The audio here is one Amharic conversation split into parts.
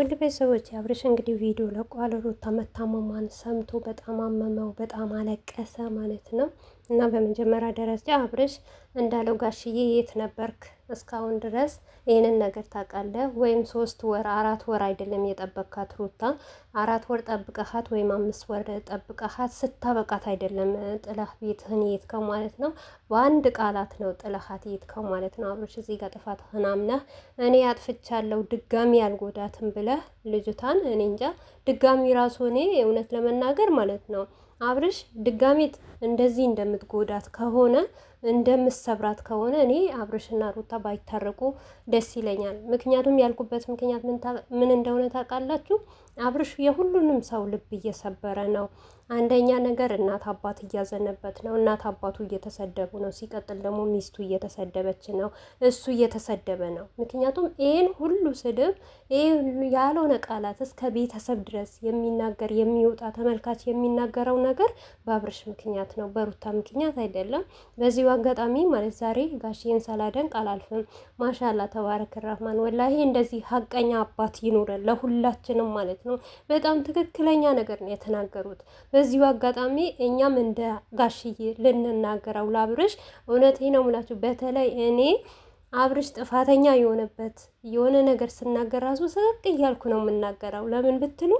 ውድ ቤተሰቦች አብርሽ እንግዲህ ቪዲዮ ለቋል። ሩታ መታመሟን ሰምቶ በጣም አመመው፣ በጣም አለቀሰ ማለት ነው። እና በመጀመሪያ ደረጃ አብርሽ እንዳለው ጋሽዬ የት ነበርክ እስካሁን ድረስ ይህንን ነገር ታውቃለህ ወይም ሶስት ወር አራት ወር አይደለም የጠበቅካት ሩታ አራት ወር ጠብቀሃት ወይም አምስት ወር ጠብቀሃት ስታበቃት አይደለም ጥለህ ቤትህን የትከው ማለት ነው። በአንድ ቃላት ነው ጥለሃት የትከው ማለት ነው። አብሮች እዚህ ጋር ጥፋትህን አምነህ እኔ አጥፍቻለሁ ድጋሚ ያልጎዳትም ብለህ ልጅታን እኔ እንጃ ድጋሚ ራሱ እኔ እውነት ለመናገር ማለት ነው አብርሽ ድጋሜት እንደዚህ እንደምትጎዳት ከሆነ እንደምሰብራት ከሆነ እኔ አብርሽና ሩታ ባይታረቁ ደስ ይለኛል። ምክንያቱም ያልኩበት ምክንያት ምን እንደሆነ ታውቃላችሁ? አብርሽ የሁሉንም ሰው ልብ እየሰበረ ነው። አንደኛ ነገር እናት አባት እያዘነበት ነው። እናት አባቱ እየተሰደቡ ነው። ሲቀጥል ደግሞ ሚስቱ እየተሰደበች ነው። እሱ እየተሰደበ ነው። ምክንያቱም ይህን ሁሉ ስድብ፣ ይህን ያልሆነ ቃላት እስከ ቤተሰብ ድረስ የሚናገር የሚወጣ ተመልካች የሚናገረው ነገር በአብርሽ ምክንያት ነው፣ በሩታ ምክንያት አይደለም። በዚሁ አጋጣሚ ማለት ዛሬ ጋሽን ሳላደንቅ አላልፍም። ማሻላ ተባረክ ራህማን ወላሂ፣ እንደዚህ ሀቀኛ አባት ይኑረን ለሁላችንም ማለት ነው። ነው። በጣም ትክክለኛ ነገር ነው የተናገሩት። በዚሁ አጋጣሚ እኛም እንደ ጋሽዬ ልንናገረው ላብርሽ እውነቴ ነው የምላችሁ በተለይ እኔ አብርሽ ጥፋተኛ የሆነበት የሆነ ነገር ስናገር ራሱ ስቅ እያልኩ ነው የምናገረው። ለምን ብትሉ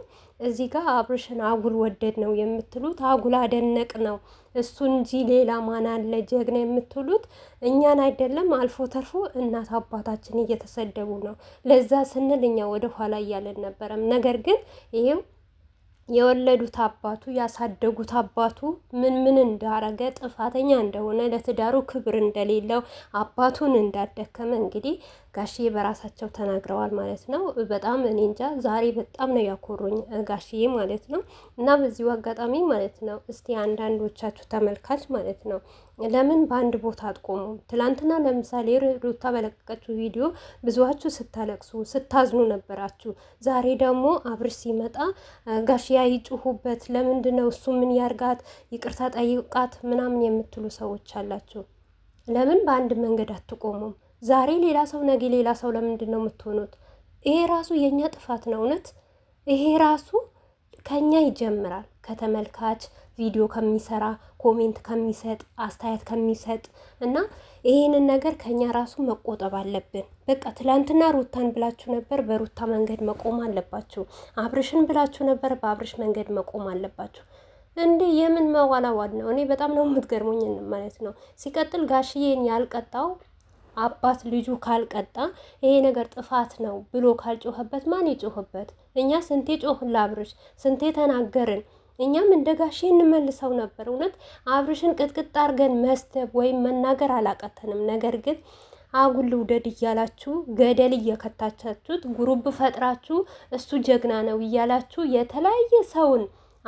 እዚህ ጋር አብርሽን አጉል ወደድ ነው የምትሉት፣ አጉል አደነቅ ነው እሱ እንጂ ሌላ ማን አለ ጀግና የምትሉት። እኛን አይደለም አልፎ ተርፎ እናት አባታችን እየተሰደቡ ነው። ለዛ ስንል እኛ ወደ ኋላ እያለን ነበረም። ነገር ግን ይሄው የወለዱት አባቱ ያሳደጉት አባቱ ምን ምን እንዳረገ ጥፋተኛ እንደሆነ ለትዳሩ ክብር እንደሌለው አባቱን እንዳደከመ እንግዲህ ጋሽዬ በራሳቸው ተናግረዋል ማለት ነው። በጣም እኔ እንጃ ዛሬ በጣም ነው ያኮሩኝ ጋሽዬ ማለት ነው። እና በዚሁ አጋጣሚ ማለት ነው እስቲ አንዳንዶቻችሁ ተመልካች ማለት ነው ለምን በአንድ ቦታ አትቆሙም? ትላንትና ለምሳሌ ሩታ በለቀቀችው ቪዲዮ ብዙዋችሁ ስታለቅሱ ስታዝኑ ነበራችሁ። ዛሬ ደግሞ አብር ሲመጣ ጋሽዬ ይጩሁበት ለምንድን ነው እሱ ምን ያርጋት ይቅርታ ጠይቃት ምናምን የምትሉ ሰዎች አላችሁ። ለምን በአንድ መንገድ አትቆሙም? ዛሬ ሌላ ሰው ነገ ሌላ ሰው ለምንድን ነው የምትሆኑት? ይሄ ራሱ የእኛ ጥፋት ነው። እውነት ይሄ ራሱ ከኛ ይጀምራል። ከተመልካች ቪዲዮ ከሚሰራ ኮሜንት ከሚሰጥ አስተያየት ከሚሰጥ እና ይህንን ነገር ከኛ ራሱ መቆጠብ አለብን። በቃ ትላንትና ሩታን ብላችሁ ነበር፣ በሩታ መንገድ መቆም አለባችሁ። አብርሽን ብላችሁ ነበር፣ በአብርሽ መንገድ መቆም አለባችሁ። እንዴ የምን መዋላዋል ነው? እኔ በጣም ነው የምትገርሙኝ ማለት ነው። ሲቀጥል ጋሽዬን ያልቀጣው አባት ልጁ ካልቀጣ ይሄ ነገር ጥፋት ነው ብሎ ካልጮኸበት ማን ይጮህበት? እኛ ስንቴ ጮህን ለአብርሽ ስንቴ ተናገርን። እኛም እንደ ጋሼ እንመልሰው ነበር። እውነት አብርሽን ቅጥቅጥ አድርገን መስደብ ወይም መናገር አላቀተንም። ነገር ግን አጉል ውደድ እያላችሁ ገደል እየከታቻችሁት ጉሩብ ፈጥራችሁ እሱ ጀግና ነው እያላችሁ የተለያየ ሰውን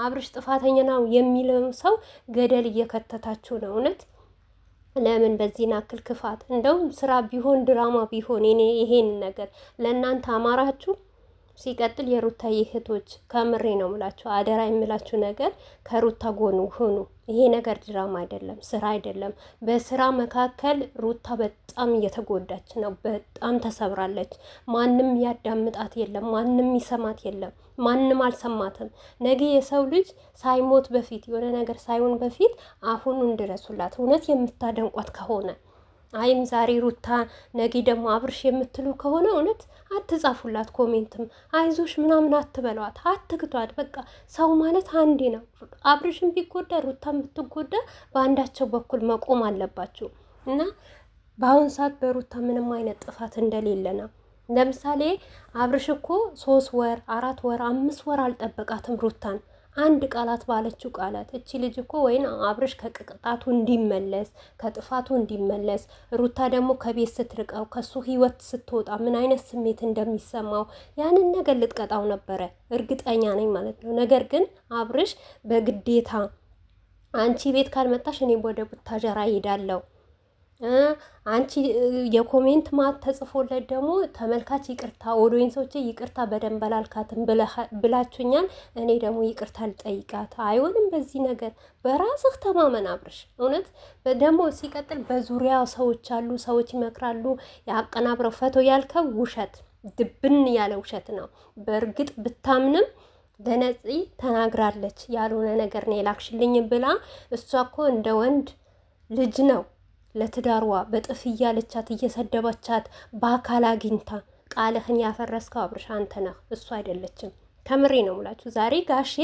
አብርሽ ጥፋተኛ ነው የሚለው ሰው ገደል እየከተታችሁ ነው እውነት ለምን በዚህን አክል ክፋት? እንደውም ስራ ቢሆን ድራማ ቢሆን እኔ ይሄን ነገር ለእናንተ አማራችሁ። ሲቀጥል የሩታ እህቶች ከምሬ ነው ምላችሁ፣ አደራ የምላችሁ ነገር ከሩታ ጎኑ ሁኑ። ይሄ ነገር ድራማ አይደለም፣ ስራ አይደለም። በስራ መካከል ሩታ በጣም እየተጎዳች ነው። በጣም ተሰብራለች። ማንም ያዳምጣት የለም፣ ማንም ይሰማት የለም፣ ማንም አልሰማትም። ነገ የሰው ልጅ ሳይሞት በፊት የሆነ ነገር ሳይሆን በፊት አሁኑ እንድረሱላት እውነት የምታደንቋት ከሆነ አይም ዛሬ ሩታ ነጊ ደግሞ አብርሽ የምትሉ ከሆነ እውነት አትጻፉላት። ኮሜንትም አይዞሽ ምናምን አትበለዋት፣ አትግቷት። በቃ ሰው ማለት አንዴ ነው። አብርሽን ቢጎዳ ሩታን ብትጎዳ በአንዳቸው በኩል መቆም አለባቸው እና በአሁን ሰዓት በሩታ ምንም አይነት ጥፋት እንደሌለ ነው። ለምሳሌ አብርሽ እኮ ሶስት ወር አራት ወር አምስት ወር አልጠበቃትም ሩታን አንድ ቃላት ባለችው ቃላት እቺ ልጅ እኮ ወይን አብርሽ ከቅጣቱ እንዲመለስ ከጥፋቱ እንዲመለስ ሩታ ደግሞ ከቤት ስትርቀው ከሱ ህይወት ስትወጣ ምን አይነት ስሜት እንደሚሰማው ያንን ነገር ልትቀጣው ነበረ፣ እርግጠኛ ነኝ ማለት ነው። ነገር ግን አብርሽ በግዴታ አንቺ ቤት ካልመጣሽ እኔ ወደ ቡታጀራ እሄዳለሁ አንቺ የኮሜንት ማት ተጽፎለት ደግሞ ተመልካች ይቅርታ ኦዲየንሶቼ ይቅርታ በደንብ አላልካትም ብላችሁኛል። እኔ ደግሞ ይቅርታ ልጠይቃት አይሆንም። በዚህ ነገር በራስህ ተማመን አብርሽ። እውነት ደግሞ ሲቀጥል በዙሪያ ሰዎች አሉ፣ ሰዎች ይመክራሉ። የአቀናብረው ፈቶ ያልከው ውሸት ድብን ያለ ውሸት ነው። በእርግጥ ብታምንም ለነፂ ተናግራለች ያልሆነ ነገር ነው የላክሽልኝ ብላ እሷ እኮ እንደ ወንድ ልጅ ነው ለትዳሯ በጥፍ እያለቻት እየሰደበቻት በአካል አግኝታ ቃልህን ያፈረስከው አብርሽ አንተ ነህ፣ እሱ አይደለችም። ከምሬ ነው ሙላችሁ። ዛሬ ጋሼ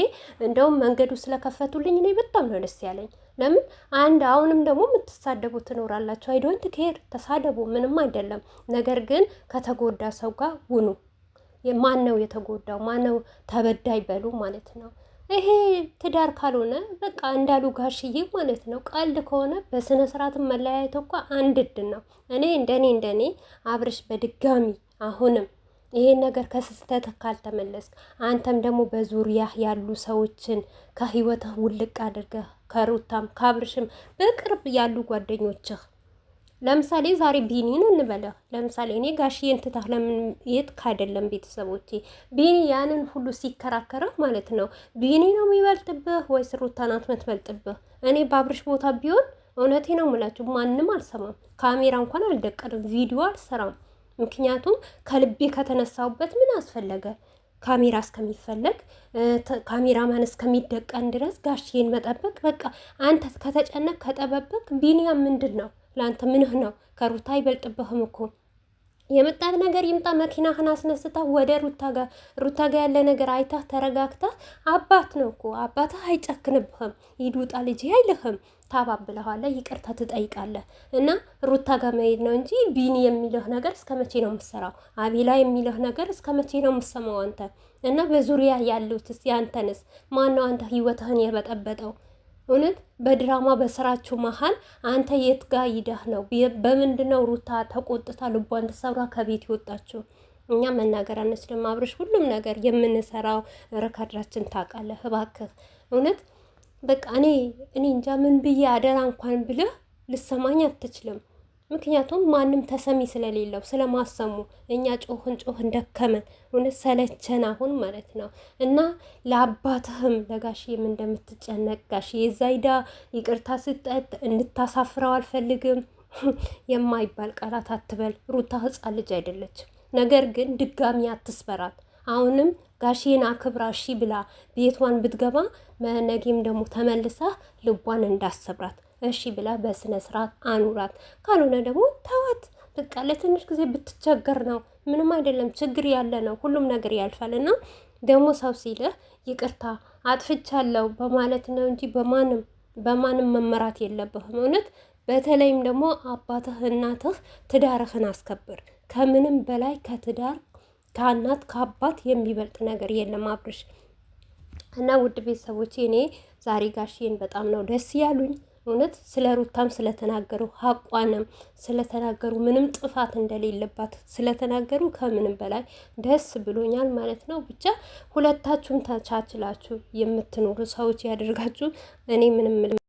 እንደውም መንገዱ ስለከፈቱልኝ እኔ በጣም ነው ደስ ያለኝ። ለምን አንድ አሁንም ደግሞ የምትሳደቡ ትኖራላችሁ። አይዶንት ኬር ተሳደቡ፣ ምንም አይደለም። ነገር ግን ከተጎዳ ሰው ጋር ውኑ። ማን ነው የተጎዳው? ማን ነው ተበዳይ? በሉ ማለት ነው ይሄ ትዳር ካልሆነ በቃ እንዳሉ ጋሽዬ ማለት ነው። ቀልድ ከሆነ በስነ ስርዓት መለያየት እኮ አንድ እድል ነው። እኔ እንደኔ እንደኔ አብርሽ በድጋሚ አሁንም ይሄን ነገር ከስህተት ካልተመለስክ አንተም ደግሞ በዙሪያ ያሉ ሰዎችን ከህይወትህ ውልቅ አድርገህ ከሩታም ከአብርሽም በቅርብ ያሉ ጓደኞችህ ለምሳሌ ዛሬ ቢኒን እንበለ ለምሳሌ እኔ ጋሽዬን ትታህ ለምን የትክ አይደለም ቤተሰቦቼ ቢኒ ያንን ሁሉ ሲከራከረ ማለት ነው ቢኒ ነው የሚበልጥብህ ወይስ ሩታ ናት የምትበልጥብህ እኔ ባብርሽ ቦታ ቢሆን እውነቴ ነው የምላችሁ ማንም አልሰማም ካሜራ እንኳን አልደቀንም ቪዲዮ አልሰራም ምክንያቱም ከልቤ ከተነሳሁበት ምን አስፈለገ ካሜራ እስከሚፈለግ ካሜራማን እስከሚደቀን ድረስ ጋሽዬን መጠበቅ በቃ አንተ ከተጨነቅ ከጠበበቅ ቢኒያም ምንድን ነው ለአንተ ምንህ ነው? ከሩታ አይበልጥብህም እኮ የመጣት ነገር ይምጣ። መኪናህን አስነስታ ወደ ሩታ ጋር ሩታ ጋር ያለ ነገር አይታ ተረጋግተህ፣ አባት ነው እኮ አባትህ አይጨክንብህም። ይዱጣ ልጅ አይልህም። ታባብለኋለህ፣ ይቅርታ ትጠይቃለህ እና ሩታ ጋር መሄድ ነው እንጂ ቢኒ የሚልህ ነገር እስከ መቼ ነው ምሰራው አቤላ የሚልህ ነገር እስከ መቼ ነው ምሰማው አንተ እና በዙሪያ ያሉት አንተንስ ማነው አንተ ህይወትህን የበጠበጠው? እውነት በድራማ በስራችሁ መሀል አንተ የት ጋ ይዳህ ነው? በምንድነው ሩታ ተቆጥታ ልቧን ተሰብራ ከቤት ይወጣችሁ እኛ መናገር አንችልም። አብርሽ ሁሉም ነገር የምንሰራው ረከድራችን ታውቃለህ። እባክህ እውነት በቃ እኔ እኔ እንጃ ምን ብዬ አደራ እንኳን ብለህ ልሰማኝ አትችልም። ምክንያቱም ማንም ተሰሚ ስለሌለው ስለማሰሙ እኛ ጮህን ጮህን ደከመን፣ እውነት ሰለቸን አሁን ማለት ነው። እና ለአባትህም ለጋሽም እንደምትጨነቅ ጋሽ የዛይዳ ይቅርታ ስጠት እንድታሳፍረው አልፈልግም የማይባል ቃላት አትበል። ሩታ ህፃ ልጅ አይደለች ነገር ግን ድጋሚ አትስበራት። አሁንም ጋሽን አክብራ እሺ ብላ ቤቷን ብትገባ መነጌም ደግሞ ተመልሳ ልቧን እንዳሰብራት እሺ ብላ በስነ ስርዓት አኑራት። ካልሆነ ደግሞ ተዋት በቃ ለትንሽ ጊዜ ብትቸገር ነው ምንም አይደለም። ችግር ያለ ነው፣ ሁሉም ነገር ያልፋል። እና ደግሞ ሰው ሲልህ ይቅርታ አጥፍቻለሁ በማለት ነው እንጂ በማንም በማንም መመራት የለብህም። እውነት በተለይም ደግሞ አባትህ፣ እናትህ ትዳርህን አስከብር። ከምንም በላይ ከትዳር ከእናት ከአባት የሚበልጥ ነገር የለም አብርሽ። እና ውድ ቤተሰቦች እኔ ዛሬ ጋሽን በጣም ነው ደስ ያሉኝ። እውነት ስለ ሩታም ስለተናገሩ ሀቋንም ስለተናገሩ ምንም ጥፋት እንደሌለባት ስለተናገሩ ከምንም በላይ ደስ ብሎኛል ማለት ነው። ብቻ ሁለታችሁም ተቻችላችሁ የምትኖሩ ሰዎች ያደርጋችሁ። እኔ ምንም